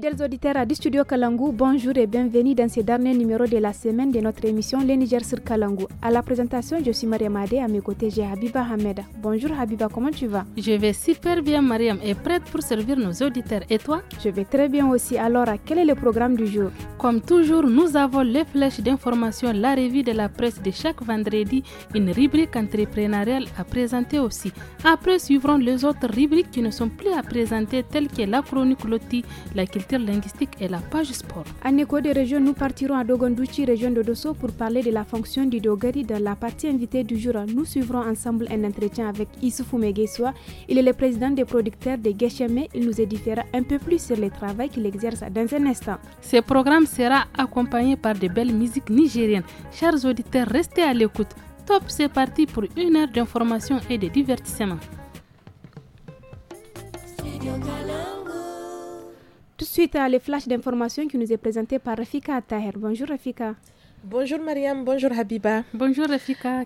Fidèles auditeurs du studio Kalangu, bonjour et bienvenue dans ce dernier numéro de la semaine de notre émission Les Niger sur Kalangu. À la présentation, je suis Mariam Adé, à mes côtés j'ai Habiba Hameda. Bonjour Habiba, comment tu vas Je vais super bien Mariam et prête pour servir nos auditeurs. Et toi Je vais très bien aussi. Alors, quel est le programme du jour Comme toujours, nous avons les flèches d'information, la revue de la presse de chaque vendredi, une rubrique entrepreneuriale à présenter aussi. Après suivront les autres rubriques qui ne sont plus à présenter telles que la chronique Loti, la culture linguistique et la page sport. À écho des régions, nous partirons à Dogondouchi, région de Dosso, pour parler de la fonction du Dogari dans la partie invitée du jour. Nous suivrons ensemble un entretien avec Issoufou Il est le président des producteurs de Geshemé. Il nous édifiera un peu plus sur le travail qu'il exerce dans un instant. Ce programme sera accompagné par de belles musiques nigériennes. Chers auditeurs, restez à l'écoute. Top, c'est parti pour une heure d'information et de divertissement. Studio tout de suite, euh, les flashs d'informations qui nous est présenté par Rafika Taher. Bonjour Rafika. Bonjour Mariam, bonjour Habiba. Bonjour Rafika.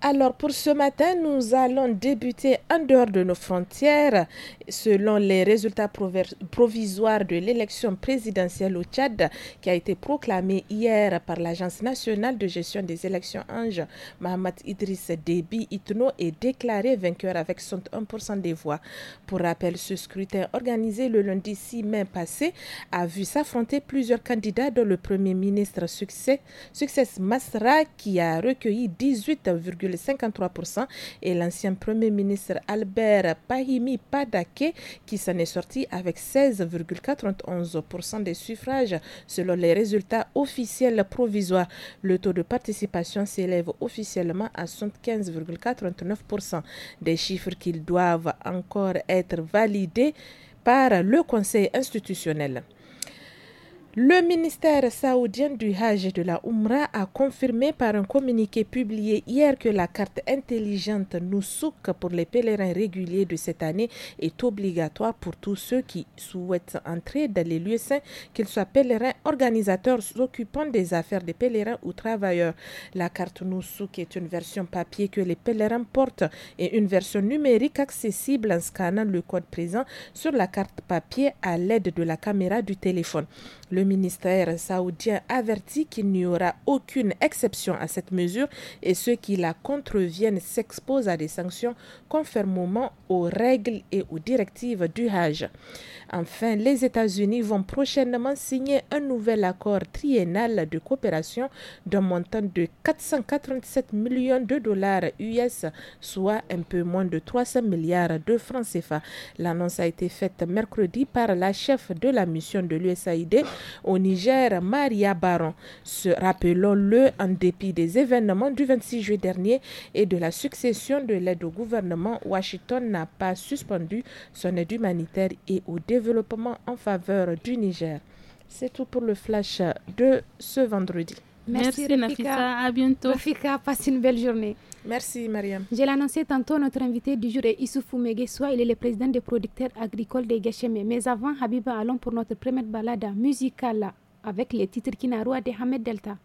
alors pour ce matin, nous allons débuter en dehors de nos frontières Selon les résultats provisoires de l'élection présidentielle au Tchad, qui a été proclamée hier par l'Agence nationale de gestion des élections Ange, Mohamed Idriss Déby Itno est déclaré vainqueur avec 61% des voix. Pour rappel, ce scrutin organisé le lundi 6 mai passé a vu s'affronter plusieurs candidats dont le premier ministre succès, Success Masra qui a recueilli 18,53% et l'ancien premier ministre Albert Pahimi Padak qui s'en est sorti avec 16,91% des suffrages selon les résultats officiels provisoires. Le taux de participation s'élève officiellement à 75,49% des chiffres qui doivent encore être validés par le Conseil institutionnel. Le ministère saoudien du Hajj et de la Oumra a confirmé par un communiqué publié hier que la carte intelligente Nusuk pour les pèlerins réguliers de cette année est obligatoire pour tous ceux qui souhaitent entrer dans les lieux saints, qu'ils soient pèlerins, organisateurs, occupants des affaires des pèlerins ou travailleurs. La carte Nusuk est une version papier que les pèlerins portent et une version numérique accessible en scannant le code présent sur la carte papier à l'aide de la caméra du téléphone. Le ministère saoudien avertit qu'il n'y aura aucune exception à cette mesure et ceux qui la contreviennent s'exposent à des sanctions conformément aux règles et aux directives du Hajj. Enfin, les États-Unis vont prochainement signer un nouvel accord triennal de coopération d'un montant de 487 millions de dollars US, soit un peu moins de 300 milliards de francs CFA. L'annonce a été faite mercredi par la chef de la mission de l'USAID au Niger, Maria Baron. Se rappelons-le, en dépit des événements du 26 juillet dernier et de la succession de l'aide au gouvernement, Washington n'a pas suspendu son aide humanitaire et au développement développement en faveur du Niger. C'est tout pour le flash de ce vendredi. Merci, Nafika. À bientôt. Nafika, passe une belle journée. Merci, Mariam. J'ai l'annonçais tantôt, notre invité du jour est Issoufou Soit Il est le président des producteurs agricoles des Gachemé. Mais avant, Habiba, allons pour notre première balade musicale avec les titres Kinarua de Hamed Delta.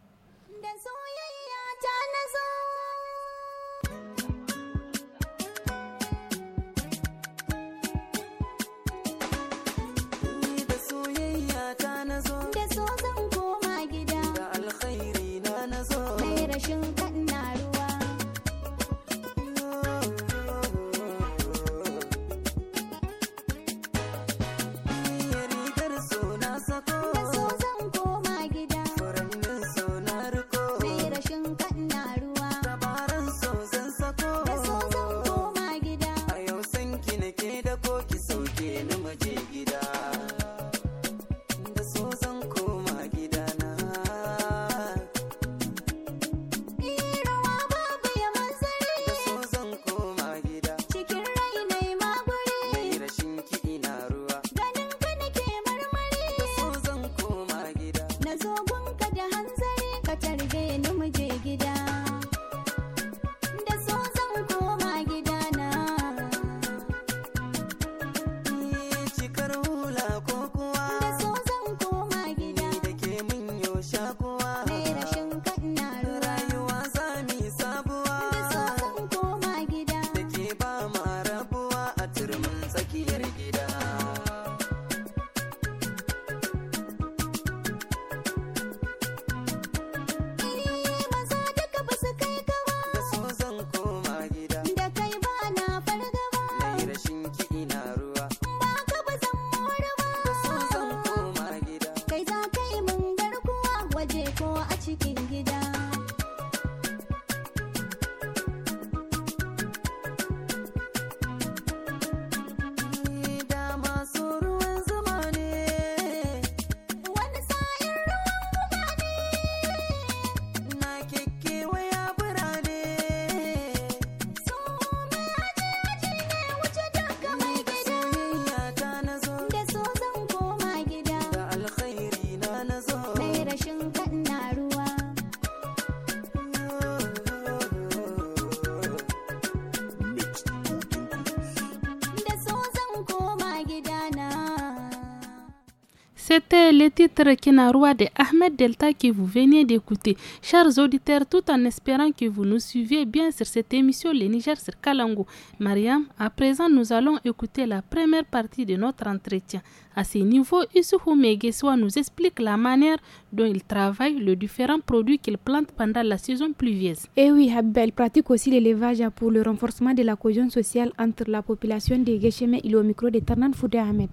C'était le titre Kenarwa de Ahmed Delta que vous venez d'écouter. Chers auditeurs, tout en espérant que vous nous suivez bien sur cette émission Le Niger sur Kalango. Mariam, à présent, nous allons écouter la première partie de notre entretien. À ce niveau, Issouhou Megeswa nous explique la manière dont il travaille le différents produits qu'il plante pendant la saison pluvieuse. Eh oui, il pratique aussi l'élevage pour le renforcement de la cohésion sociale entre la population des Géchemé et le micro de Tarnan Foudé Ahmed.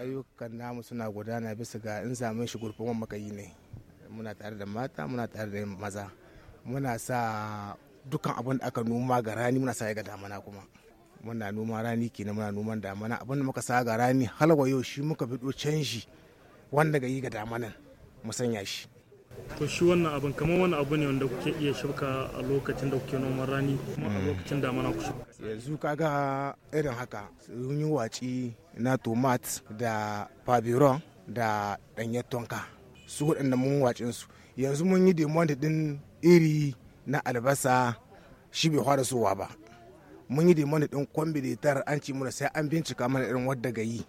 ayyukan namu suna gudana bisa ga in samun shi gurfin makayi ne muna tare da mata muna tare da maza muna sa dukkan abin da aka noma ga rani muna sa ga damana kuma muna noma rani kenan muna noman damana abin da muka sa ga rani halwa yau shi muka bido canji wanda ga yi ga damanan mu sanya shi to shi wannan abin kamar wani abu ne wanda kuke iya shuka a lokacin da kuke noman rani kuma a mm. lokacin damana ku shuka. yanzu kaga irin haka sun yi waci na tomat da fabiron da danyen tonka su waɗanda mun wacin su yanzu mun yi da din iri na albasa shi bai fara sowa ba mun yi da din kwambiletar an ci mana sai an bincika mana irin wadda ga yi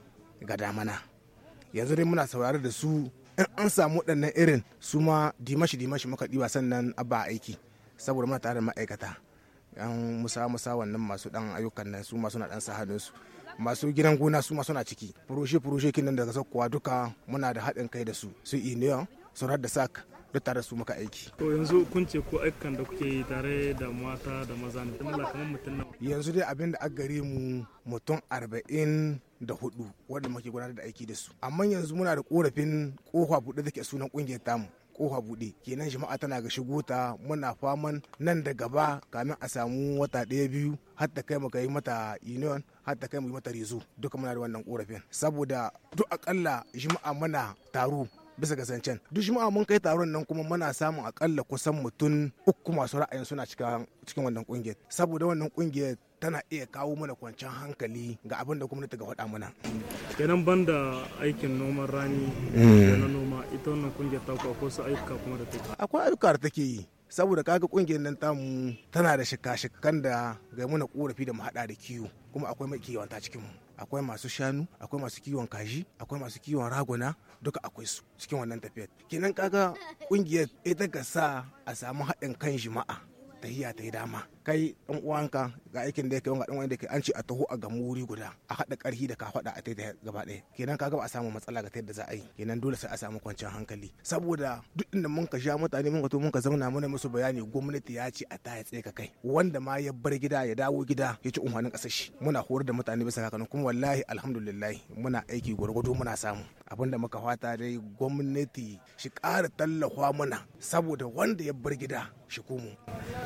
ga damana yanzu dai muna saurare da su in an samu waɗannan irin su ma dimashi dimashi muka ɗiba sannan abba aiki saboda muna tare da ma'aikata yan musa musa wannan masu dan ayyukan nan su masu na dan sa su masu gidan gona su masu na ciki furoshi furoshi kin nan daga sakkuwa duka muna da haɗin kai da su su iniyon su da sak duk tare su muka aiki. To yanzu kun ce ko aikan da kuke tare da mata da maza ne kuma kamar mutum nawa. Yanzu dai abin da aka gare mu mutum arba'in da hudu wanda muke gudanar da aiki da su amma yanzu muna da korafin kofa buɗe da ke sunan kungiyar tamu kofa buɗe kenan jama'a tana ga shigo ta muna faman nan da gaba kamin a samu wata ɗaya biyu har ta kai mu kai mata union har ta kai mu mata rezo duka muna da wannan korafin saboda duk akalla jama'a muna taro bisa ga zancen duk juma'a mun kai taron nan kuma muna samun akalla kusan mutum uku masu ra'ayin suna cikin wannan kungiyar saboda wannan kungiyar tana iya kawo mana kwanciyar hankali ga abin da gwamnati ga faɗa mana. kenan banda aikin noman rani da hmm. na noma ita wannan kungiyar ta ko su ayyuka kuma da take akwai ayyuka da take yi saboda kaga kungiyar nan tamu tana da shika-shikan da ga muna korafi da mu hada da kiwo kuma akwai mai kiwon ta cikin mu akwai masu shanu akwai masu kiwon kaji akwai masu kiwon raguna duka akwai su cikin wannan tafiyar kenan kaga kungiyar ita ka sa a samu haɗin kan jima'a tahiya ta yi dama kai ɗan uwanka ga aikin da yake wanga dan wanda yake an ce a taho a gamu wuri guda a hada karhi da kafada a taida gaba daya kenan kaga ba a samu matsala ga taida za a yi kenan dole sai a samu kwanciyar hankali saboda duk inda mun ka sha mutane mun ka to mun ka zauna muna musu bayani gwamnati ya ce a ta ya tsaye ka kai wanda ma ya bar gida ya dawo gida ya ci unhwanin kasar shi muna horar da mutane bisa kakanin kuma wallahi alhamdulillah muna aiki gwargwado muna samu abinda muka fata dai gwamnati shi ƙara tallafa mana saboda wanda ya bar gida shi kuma.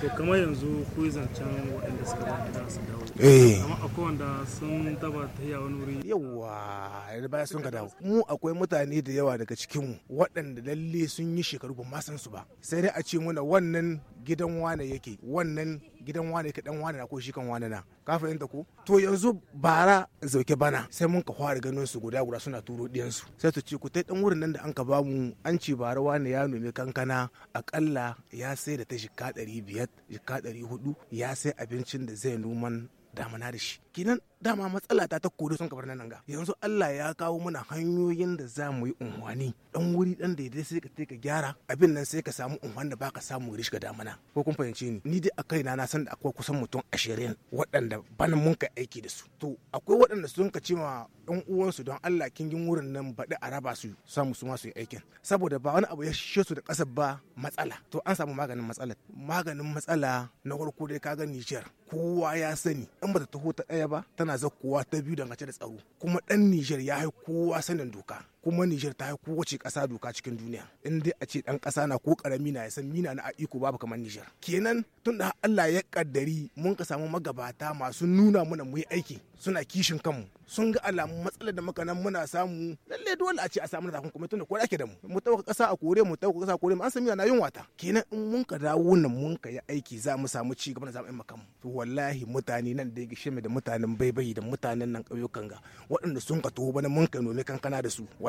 to kamar yanzu ku akwai zancen waɗanda suka ba gida su dawo eh. amma akwai wanda sun taba tahiya wani wuri yawa da baya sun ka dawo mu akwai mutane da yawa daga cikinmu waɗanda lalle sun yi shekaru ba ma san su ba sai dai a ce muna wannan gidan wane yake wannan gidan wane ka dan wane na ko shi kan wane na ka fahimta ko to yanzu bara zauke bana sai mun ka fara ganin su guda guda suna turo diyan su sai su ce ku tai dan wurin nan da an ka ba mu an ce bara wane ya nome kankana akalla ya sai da ta jikka 500 jikka 400 ya sai abincin da zai noman damana da shi kenan dama matsala ta ta kore sun kabar nan ga yanzu Allah ya kawo mana hanyoyin da za mu yi unwani dan wuri dan da dai sai ka ka gyara abin nan sai ka samu unwan da baka samu rish da damana ko kun fahimce ni ni dai a kaina na san da akwai kusan mutum 20 waɗanda bana mun ka aiki da su to akwai waɗanda sun ka ce ma ɗan uwansu don Allah kin gin wurin nan baɗi a raba su samu su ma su yi aikin saboda ba wani abu ya shishe su da kasar ba matsala to an samu maganin matsala maganin matsala na farko dai ka ga Niger kowa ya sani in ba ta taho ta ɗaya ba tana zakkowa ta biyu dangance da tsaro kuma ɗan Nijar ya hai kowa sanin doka kuma Nijar ta yi kowace ƙasa doka cikin duniya in dai a ce ɗan ƙasa na ko ƙarami na ya san mina na iko babu kamar Nijar kenan tun da Allah ya kaddari mun ka samu magabata masu nuna mana mu aiki suna kishin kanmu sun ga alamun matsalar da muka nan muna samu lalle dole a ce a samu takun kuma tun da kore ake da mu mu tauka ƙasa a kore mu tauka ƙasa a kore mu an san mina na yin wata kenan in mun ka dawo nan mun ka yi aiki za mu samu ci gaba da zamu yi makamu to wallahi mutane nan da ya shi da mutanen baibayi da mutanen nan ƙauyukan ga waɗanda sun ka taho bana mun ka nome kankana da su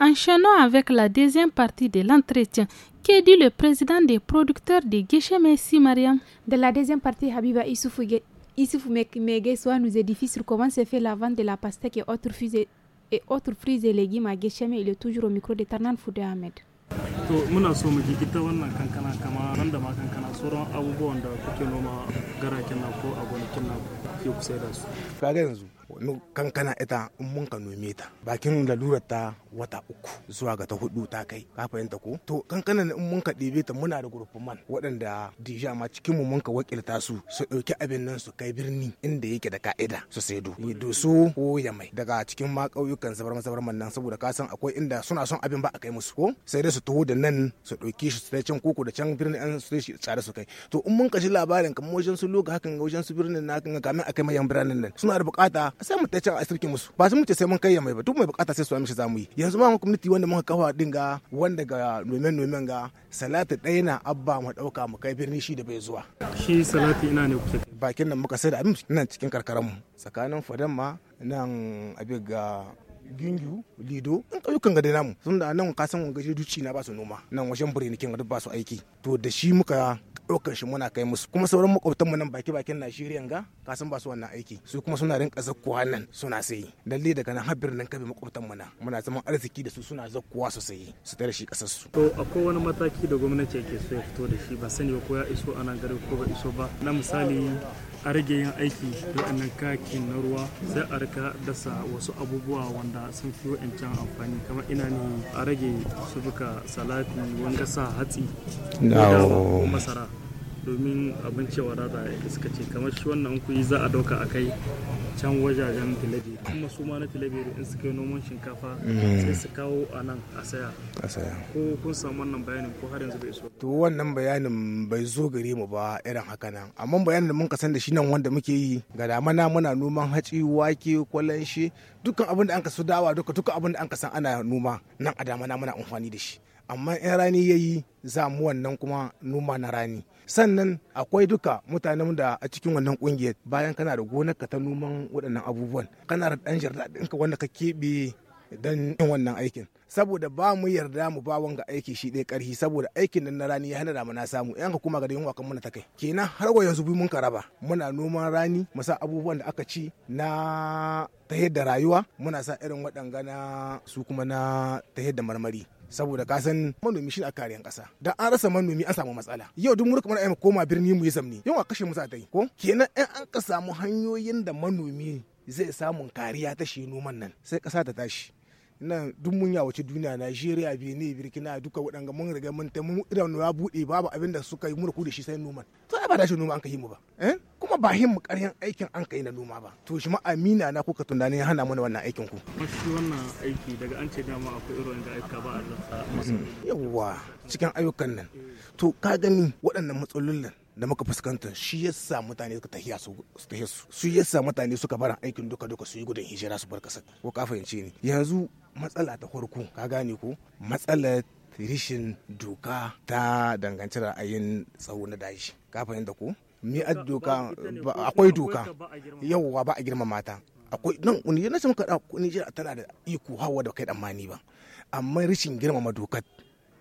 Enchaînons avec la deuxième partie de l'entretien. Que dit le président des producteurs de Géchemé, Messi, De la deuxième partie, Habiba Issoufou Megueswa nous édifie sur comment se fait la vente de la pastèque et autres fruits et, légumes à il est toujours au micro de Tarnan Foudé Ahmed. kankana ita in mun ka nome ta bakin lalurar ta wata uku zuwa ga ta hudu ta kai ka fahimta ko to kankana in mun ka ɗebe ta muna da gurfin man waɗanda dija ma cikin mu mun ka wakilta su su ɗauki abin nan su kai birni inda yake da ka'ida su saido doso ko ya mai daga cikin ma ƙauyukan zabar zabar man nan saboda ka san akwai inda suna son abin ba a kai musu ko sai dai su taho da nan su ɗauki shi su can koko da can birni an su shi tsare su kai to in mun ka ji labarin kamar wajen su loga hakan wajen su birnin na hakan kamin a kai mayan biranen nan suna da bukata sai mu ta can a sauke musu ba su mu ce sai mun kai mai ba duk mai bukata sai su amshi za mu yi yanzu ma mun community wanda muka kafa din ga wanda ga nomen nomen ga salati ɗaya na abba mu dauka mu kai birni shi da bai zuwa shi salati ina ne kuke bakin nan muka sai da abin nan cikin karkaran mu tsakanin fadan ma nan abin ga gingu lido in ƙauyukan ga namu sun da nan ka san wanga duci na ba su noma nan wajen birnikin duk ba su aiki to da shi muka ɗaukar shi muna kai musu kuma sauran makwabtanmu nan baki bakin Najeriya ga ka san ba su wannan aiki su kuma suna rinka zakkuwa nan suna sayi lalle daga nan habir nan kabe makwabtanmu nan muna zaman arziki da su suna zakkuwa su sayi su tare shi kasar su to akwai wani mataki da gwamnati yake so ya fito da shi ba sani ba ko ya iso a nan gari ko ba iso ba na misali a rage yin aiki da wannan kakin na ruwa sai a rika dasa wasu abubuwa wanda sun fi wa'ancan amfani kamar ina ne a rage shuka salati wanga sa hatsi da masara domin abinci wadata iska ce kamar shi wannan kuyi za a dauka a kai can wajajen filabe kuma su ma na filabe in su kai noman shinkafa mm. sai su kawo a nan a saya ko kun samu wannan bayanin ko har yanzu bai so to wannan bayanin bai zo gare mu ba irin haka nan amma bayanin da mun kasan da shi nan wanda muke yi ga damana muna noman hatsi wake shi dukkan abin da an su dawa duka dukkan abin da an ka san ana noma nan a damana muna amfani da shi amma in rani yayi za mu wannan kuma noma na rani sannan akwai duka mutanen da a cikin wannan kungiyar bayan kana da gonarka ta noman waɗannan abubuwan kana da ɗan jarda wanda ka keɓe don yin wannan aikin saboda ba mu yarda mu ba wanga aiki shi ɗaya ƙarfi saboda aikin nan na rani ya hana da na samu yan ka kuma ga yunwa kan muna ta kai kenan har wa yanzu bi mun raba muna noman rani mu sa abubuwan da aka ci na ta yadda rayuwa muna sa irin waɗanga na su kuma na ta yadda marmari saboda ka san manomi shi a kariyan kasa da an rasa manomi an samu matsala yau duk murka mana koma birni mu yi zamni yau a kashe mu ta ko kenan in an ka samu hanyoyin da manomi zai samun kariya ta shi noman nan sai kasa ta tashi nan duk mun wace duniya Najeriya Benin Burkina duka waɗanga mun riga mun ta mun idan ya buɗe babu abin da suka yi mun ku da shi sai noman to ai ba da shi noma an kai mu ba eh kuma ba hin mu ƙaryan aikin an kai na noma ba to shi ma amina na kuka tunanin hana mana wannan aikin ku shi wannan aiki daga an ce dama akwai irin da aika ba Allah mm. yawa cikin ayyukan nan to ka gani waɗannan matsalolin da muka fuskanta shi yasa mutane suka tahiya su su yasa mutane suka bar aikin duka duka su yi gudun hijira su bar kasar ko ka fahimci ni yanzu matsala ta farko ka gane ko matsalar rishin doka ta da ra'ayin tsawo na daji ka fahimta ko mi a doka akwai doka yawwa ba a girmama mata akwai nan sun na kuni unijiyar tana da iko hawa da kai tsammani ba amma rishin girmama dokar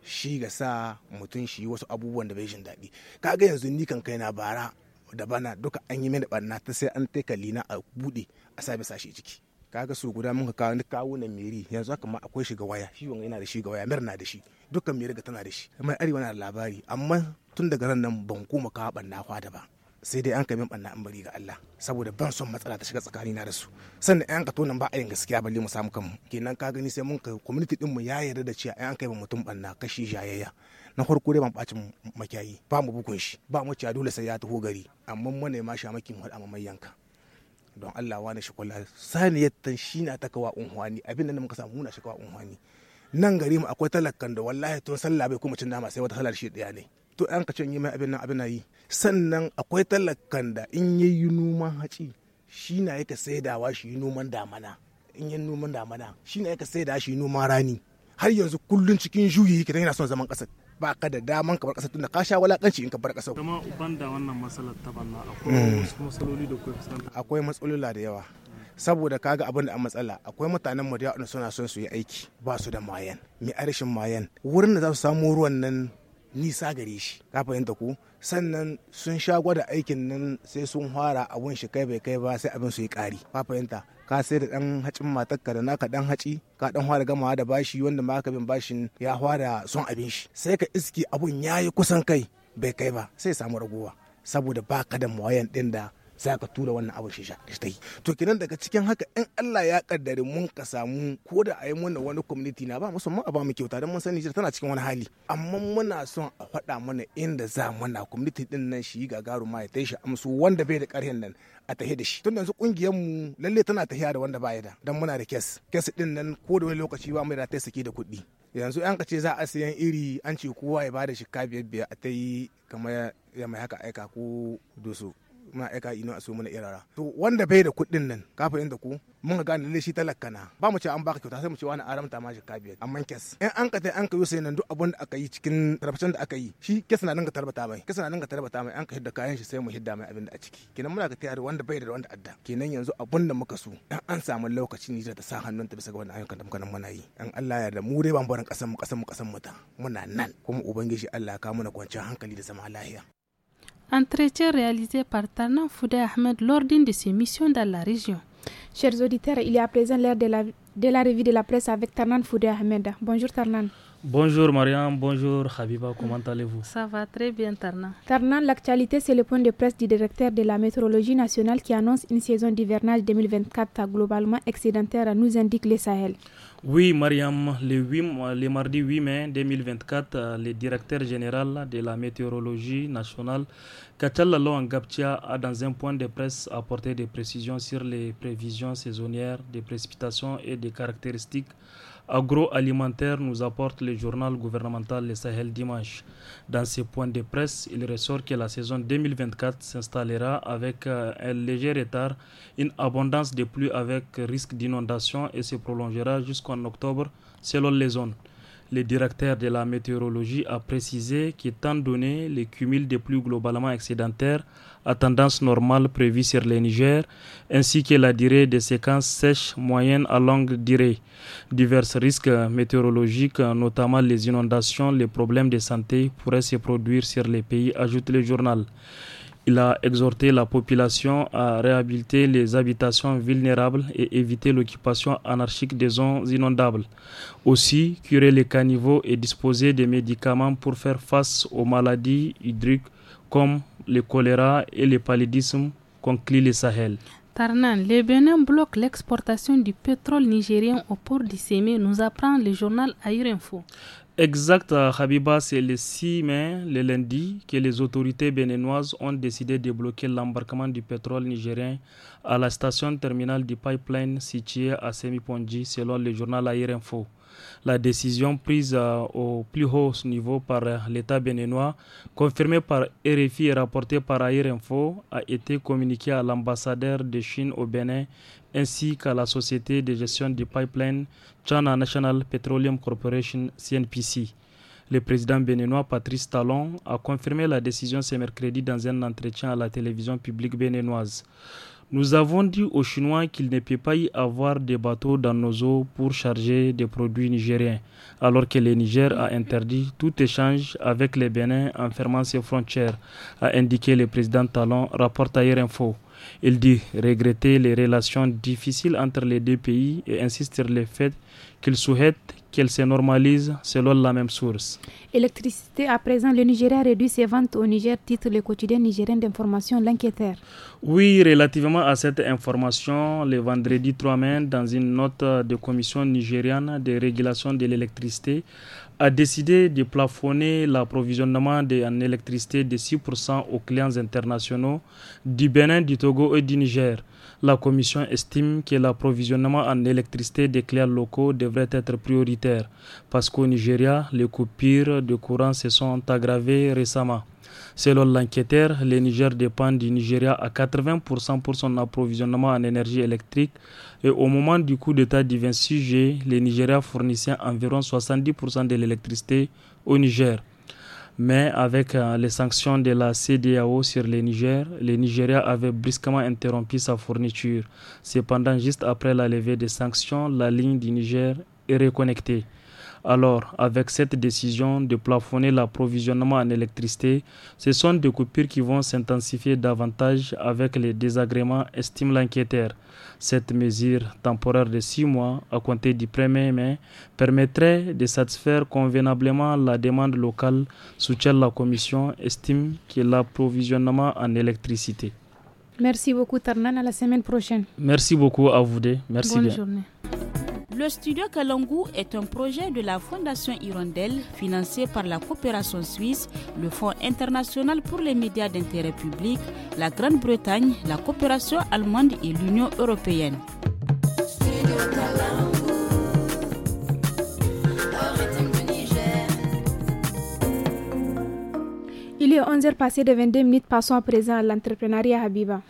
shi ga sa mutum shi wasu abubuwan da bai jin daɗi kaga yanzu ni kan kai na bara da bana duka an yi mini barna ta sai an taikali na a bude a sa shi ciki kaga su guda mun kawo ni kawo na miri yanzu haka ma akwai shiga waya shi wanga yana da shi ga waya mirna na da shi dukkan miri ga tana da shi mai arewa na labari amma tun daga ran nan ban koma kawo banna da ba sai dai an kai min banna an bari ga Allah saboda ban son matsala ta shiga tsakani na da su sannan ayan ka to nan ba a yin gaskiya balle mu samu kanmu kenan ka gani sai mun kai community din mu ya yarda da cewa an kai mutum banna kashi jayayya na farko dai ban bacin makiyayi ba mu bugun shi ba mu cewa dole sai ya taho gari amma mu ne ma shamakin mu amma yanka don Allah wani shi kula saniyar tan shi na ta kawa unhuwani abin da muka samu muna shi kawa unhuwani nan gari mu akwai talakkan da wallahi tun sallah bai kuma cin nama sai wata sallar shi daya ne to an ka in yi mai abin nan abin yi sannan akwai talakkan da in yayi numan haci shi na yake saidawa shi numan damana in yi numan damana shi na yake saidawa shi numan rani har yanzu kullun cikin juyi yake yana son zaman kasar ba da daman ka bar kasar tunda ka sha walakanci in ka bar kasar. Kuma ban da wannan matsalar ta banna akwai hmm. matsaloli da kuka fuskanta. Akwai matsalola da yawa. Saboda kaga abin da a matsala akwai mutanen mu da suna son su yi aiki ba su da mayan. mai a rashin mayan wurin da za su samu ruwan nan nisa gare shi ka fahimta ku sannan sun sha gwada aikin nan sai sun fara abun shi kai bai kai ba sai abin su yi ƙari ka fahimta ka sai da dan hacin matakka da naka dan haci ka dan fara gamawa da bashi wanda ma ka bin bashin ya fara son abin shi sai ka iski abun yayi kusan kai bai kai ba sai samu raguwa saboda ba ka da muwayan din da za ka tura wannan abu shi sha ta yi to kenan daga cikin haka in Allah ya kaddare mun ka samu ko da a yi mana wani community na ba musamman a ba mu kyauta don mun sani tana cikin wani hali amma muna son a faɗa mana inda za mana community din nan shi gagaruma ya tashi amsu wanda bai da ƙarhin nan a tahe da shi tun yanzu kungiyar mu lalle tana tafiya da wanda baya da dan muna da kes kes din nan ko da wani lokaci ba mu da ta sake da kuɗi yanzu an ce za a sayan iri an ce kowa ya bada shi ka biyar biyar a tayi yi kamar ya mai haka aika ko doso muna aika ino a so mana irara to wanda bai da kuɗin nan kafin da ku mun ga gane shi talakka na ba mu ce an baka kyauta sai mu ce wani aramta ma jikka biyar amma kes in an ka tai an ka yi sai nan duk abin da aka yi cikin tarbacin da aka yi shi kes na nan ka tarbata mai kes na nan ka tarbata mai an ka hidda kayan shi sai mu hidda mai abin da a ciki kenan muna ga tayar wanda bai da wanda adda kenan yanzu abin da muka so dan an samu lokaci ni ta sa ta bisa ga wannan ayyukan da muka nan muna yi an Allah ya da mu dai ban barin kasan mu kasan mu kasan mu ta muna nan kuma ubangiji Allah ya kawo mana kwanciyar hankali da zama lafiya Entretien réalisé par Tarnan Foudé Ahmed lors d'une de ses missions dans la région. Chers auditeurs, il est à présent l'heure de la, de revue de la presse avec Tarnan Foudé Ahmed. Bonjour Tarnan. Bonjour Marianne, bonjour Habiba, comment allez-vous Ça va très bien Tarnan. Tarnan, l'actualité c'est le point de presse du directeur de la météorologie nationale qui annonce une saison d'hivernage 2024 globalement excédentaire, nous indique les Sahel. Oui, Mariam, le, le, mardi 8 mai 2024, euh, le directeur général de la météorologie nationale, Kachal Ngaptia, a dans un point de presse apporté des précisions sur les prévisions saisonnières des précipitations et des caractéristiques agroalimentaire nous apporte le journal gouvernemental Le Sahel dimanche. Dans ses points de presse, il ressort que la saison 2024 s'installera avec euh, un léger retard, une abondance de pluie avec risque d'inondation et se prolongera jusqu'en octobre selon les zones. Le directeur de la météorologie a précisé qu'étant donné les cumuls des pluies globalement excédentaires à tendance normale prévue sur le Niger, ainsi que la durée des séquences sèches moyennes à longue durée, divers risques météorologiques, notamment les inondations, les problèmes de santé, pourraient se produire sur les pays, ajoute le journal. Il a exhorté la population à réhabiliter les habitations vulnérables et éviter l'occupation anarchique des zones inondables. Aussi, curer les caniveaux et disposer des médicaments pour faire face aux maladies hydriques comme le choléra et le paludisme, conclut le Sahel. Tarnan, le Bénin bloque l'exportation du pétrole nigérien au port du Sémé, nous apprend le journal Air Info exact, euh, Habiba, c'est le 6 mai, le lundi, que les autorités béninoises ont décidé de bloquer l'embarquement du pétrole nigérien à la station terminale du pipeline située à Semipondji, selon le journal Air Info la décision prise euh, au plus haut niveau par euh, l'État béninois, confirmée par RFI et rapportée par Air Info, a été communiquée à l'ambassadeur de Chine au Bénin ainsi qu'à la société de gestion du pipeline China National Petroleum Corporation CNPC. Le président béninois Patrice Talon a confirmé la décision ce mercredi dans un entretien à la télévision publique béninoise. Nous avons dit aux Chinois qu'il ne peut pas y avoir des bateaux dans nos eaux pour charger des produits nigériens, alors que le Niger a interdit tout échange avec les Bénin en fermant ses frontières, a indiqué le président Talon, rapporte Info. Il dit regretter les relations difficiles entre les deux pays et insiste sur le fait qu'il souhaite qu'elle se normalise selon la même source. Électricité à présent, le Nigeria réduit ses ventes au Niger, titre le quotidien nigérien d'information L'Inquêteur. Oui, relativement à cette information, le vendredi 3 mai, dans une note de commission nigériane de régulation de l'électricité, a décidé de plafonner l'approvisionnement en électricité de 6% aux clients internationaux du Bénin, du Togo et du Niger. La Commission estime que l'approvisionnement en électricité des clients locaux devrait être prioritaire parce qu'au Nigeria, les coupures de courant se sont aggravées récemment. Selon l'enquêteur, le Niger dépend du Nigeria à 80% pour son approvisionnement en énergie électrique et au moment du coup d'État du 26 g le Nigeria fournissait environ 70% de l'électricité au Niger. Mais avec euh, les sanctions de la CDAO sur le Niger, le Nigeria avait brusquement interrompu sa fourniture. Cependant, juste après la levée des sanctions, la ligne du Niger est reconnectée. Alors, avec cette décision de plafonner l'approvisionnement en électricité, ce sont des coupures qui vont s'intensifier davantage avec les désagréments, estime l'enquêteur. Cette mesure temporaire de six mois à compter du 1er mai permettrait de satisfaire convenablement la demande locale, soutient la Commission, estime que l'approvisionnement en électricité. Merci beaucoup, Tarnan. À la semaine prochaine. Merci beaucoup à vous deux. Merci Bonne journée. Le studio Kalangu est un projet de la Fondation Hirondelle financé par la coopération suisse, le Fonds international pour les médias d'intérêt public, la Grande-Bretagne, la coopération allemande et l'Union européenne. de 22 minutes, passons à présent à l'entrepreneuriat Habiba.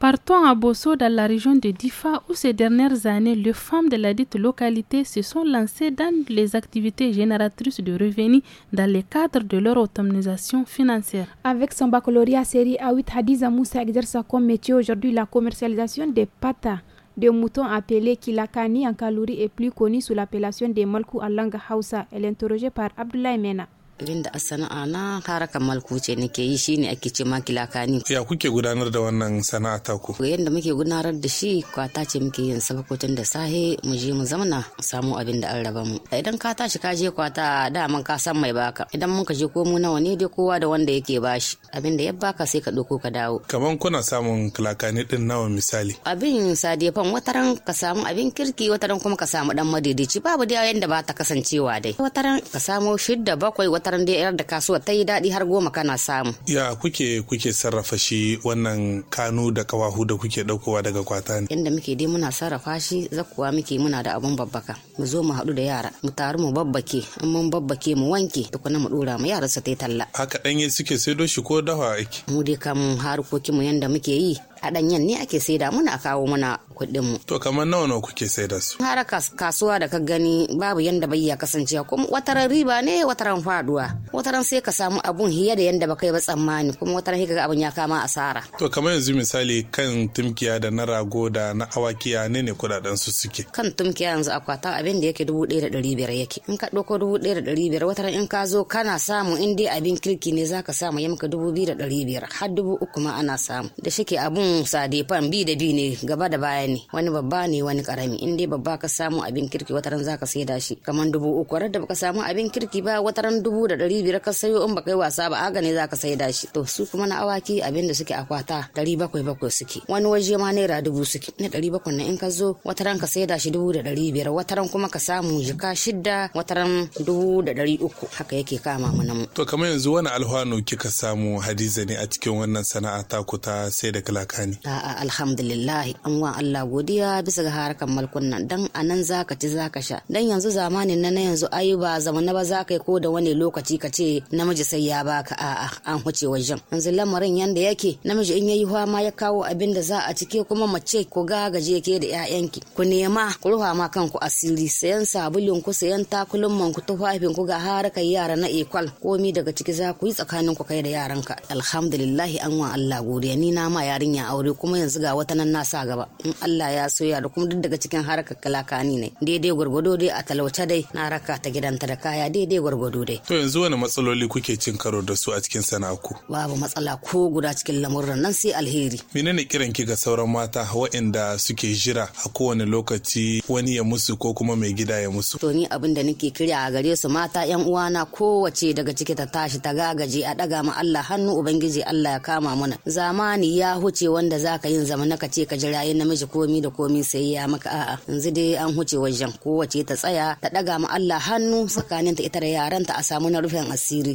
Partons à Bosso dans la région de Difa où ces dernières années, les femmes de la dite localité se sont lancées dans les activités génératrices de revenus dans le cadre de leur autonomisation financière. Avec son baccalauréat série A8, Hadiza Moussa exerce comme métier aujourd'hui la commercialisation des patas de moutons appelés Kilakani en calories et plus connu sous l'appellation des Malkou en langue Hausa. Elle est interrogée par Abdoulaye Mena. abin da sana'a na harakan malkuce nake yi shine ake ce ma kilakani ya kuke gudanar da wannan sana'a ta ku yadda muke gudanar da shi kwata ce muke yin sabakotin da sahe mu je mu zamana samu abin da an raba mu idan ka tashi ka je kwata man ka san mai baka idan muka je ko mu nawa ne dai kowa da wanda yake bashi abin da ya baka sai ka ɗauko ka dawo kaman kuna samun kilakani din nawa misali abin fan wataran ka samu abin kirki wataran kuma ka samu ɗan madidici, babu da yanda ba ta kasancewa dai wataran ka samu shidda bakwai wataran dai yar da kasuwa ta yi daɗi har goma kana samu. Ya kuke kuke sarrafa shi wannan kanu da kawahu da kuke ɗaukowa daga kwata ne. Inda muke dai muna sarrafa shi zakuwa muke muna da abun babbaka mu zo mu haɗu da yara mu taru mu babbake in mun babbake mu wanke tukuna mu ɗora mu yara su ta talla. Haka ɗanye suke sai shi ko dawa aiki. Mu dai kam harkokinmu yanda muke yi a ɗanyen ne ake saida muna a kawo mana kuɗin mu. To kamar nawa nawa kuke saida su? Har kasuwa da ka gani babu yanda bai ya kasance kuma wataran riba ne wataran faduwa wataran sai ka samu abun hiya da yanda baka yi ba tsammani kuma wataran sai ka abun ya kama asara. To kamar yanzu misali kan tumkiya da na rago da na awakiya ne ne kuɗaɗen su suke. Kan tumkiya yanzu akwata abin da yake dubu ɗaya da ɗari biyar yake in ka ɗauko dubu ɗaya da ɗari wataran in ka zo kana samu in dai abin kirki ne zaka samu ya maka dubu biyu da ɗari biyar har dubu uku ma ana samu da shike abun yan sadefan bi da bi ne gaba da baya ne wani babba ne wani karami in dai babba ka samu abin kirki wataran zaka saida shi kamar dubu uku ran da baka samu abin kirki ba wataran dubu da dari biyar ka sayo in baka yi wasa ba aga ne zaka saida shi to su kuma na awaki abin da suke akwata dari bakwai bakwai suke wani waje ma naira dubu suke na dari bakwai na in ka zo wataran ka saida shi dubu da dari biyar wataran kuma ka samu jika shidda wataran dubu da dari uku haka yake kama mu nan. To kamar yanzu wani alfanu kika samu Hadiza ne a cikin wannan sana'a ta ku ta sai da kalaka Ta'a a'a alhamdulillah an wa Allah godiya bisa ga harkan mulkun nan dan anan zaka ci zaka sha dan yanzu zamanin nan na yanzu ai ba zamana ba zaka yi ko da wani lokaci ka ce namiji sai ya baka a'a an huce wajen yanzu lamarin yanda yake namiji in yayi ma ya kawo abin da za a cike kuma mace ku gagaje ke da 'ya'yanki ku nema ku ruha ma kanku asiri sayan sabulun ku sayan man ku tufafin ku ga harkan yara na ekwal komi daga ciki za ku yi tsakanin ku kai da yaranka alhamdulillah an wa Allah godiya ni na ma yarinya yin aure kuma yanzu ga wata nan na gaba in Allah ya soya da kuma duk daga cikin harkar kalakani ne daidai gwargwado dai a talauce dai na raka ta gidanta da kaya daidai gwargwado dai to yanzu wani matsaloli kuke cin karo da su a cikin sana'ku babu matsala ko guda cikin lamurran nan sai alheri menene kiran ki ga sauran mata waɗanda suke jira a kowane lokaci wani ya musu ko kuma mai gida ya musu to ni abin da nake kira a gare su mata yan uwana kowace daga ciki ta tashi ta gagaje a daga ma Allah hannu ubangiji Allah ya kama mana zamani ya huce wanda za ka yin zama na ka ce ka jira yin namiji komi da komi sai ya maka a'a yanzu dai an huce wajen kowace ta tsaya ta daga ma Allah hannu tsakaninta ita da yaranta a samu na rufin asiri.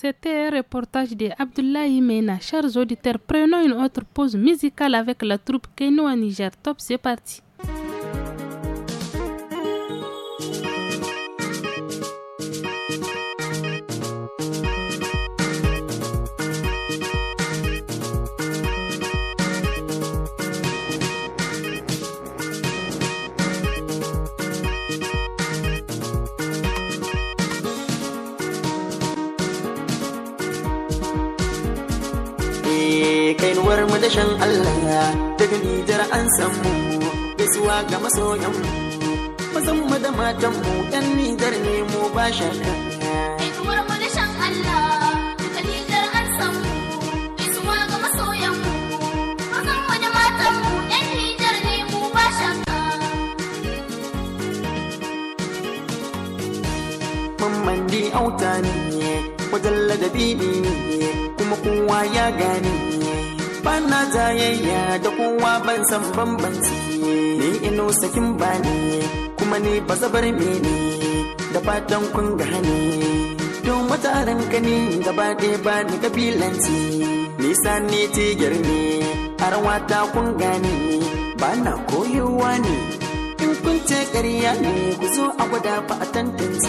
C'était reportage de Abdoulaye Mena. Chers auditeurs, prenons une autre pause musicale avec la troupe Keno Niger. Top, c'est parti. Allah daga an samu ga masoyan mu mazan mu da matan mu Allah daga Nijar an samu gaisuwa ga masoyan mu mazan mu da matan mu ne mu ba shaka. Mamman di auta ne wajen ladabi ne kuma kowa ya gane. na jayayya da kowa ban san bambanci ni ino sakin bani kuma ni ba zabar mene da fatan kun gane don wata ranka ne gaba ɗaya ba ni kabilanci nisa ne tigir ne har wata kun gane ba na koyowa ne in kun ce ƙarya ne ku zo a gwada fa a tantance